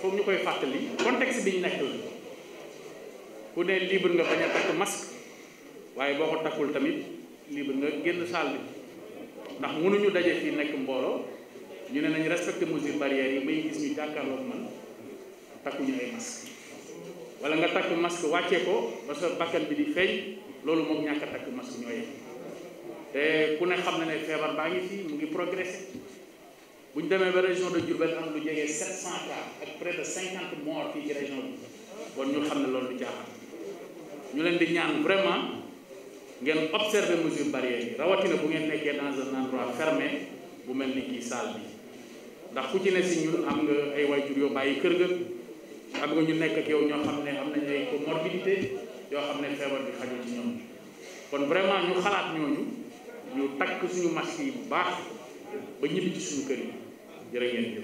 foog ñu koy fàttali contexte bi ñu nekk la ku ne libre nga bañ a takk masque waaye boo ko takkul tamit libre nga génn salle bi ndax mënuñu daje fii nekk mbooloo ñu ne nañu respecté mesures barrières yi may gis ñu jàkkaarloog man takkuñu ay masque wala nga takk masque wàccee ko ba sa bakkan bi di feeñ loolu moom ñàkk a takk masque ñoo yem te ku ne xam na ne feebar baa ngi fii mu ngi progressé bu demee ba région de Diourbel am lu jege cent cas ak près de 50 mois fii ci région bi kon ñu xam ne loolu du jaaxal ñu leen di ñaan vraiment ngeen observer mesures barrières yi rawatina bu ngeen nekkee dans un endroit fermé bu mel ni kii salle bi ndax ku ci ne si ñun am nga ay waajur yoo bàyyi kër ga. xam nga ñu nekk ak yow ñoo xam ne am nañ ay comorbidité yoo xam ne feebar bi xaju ci ñoom kon vraiment ñu xalaat ñooñu ñu takk suñu masque yi bu baax ba ñibbi ci suñu kër yi jërë ngeen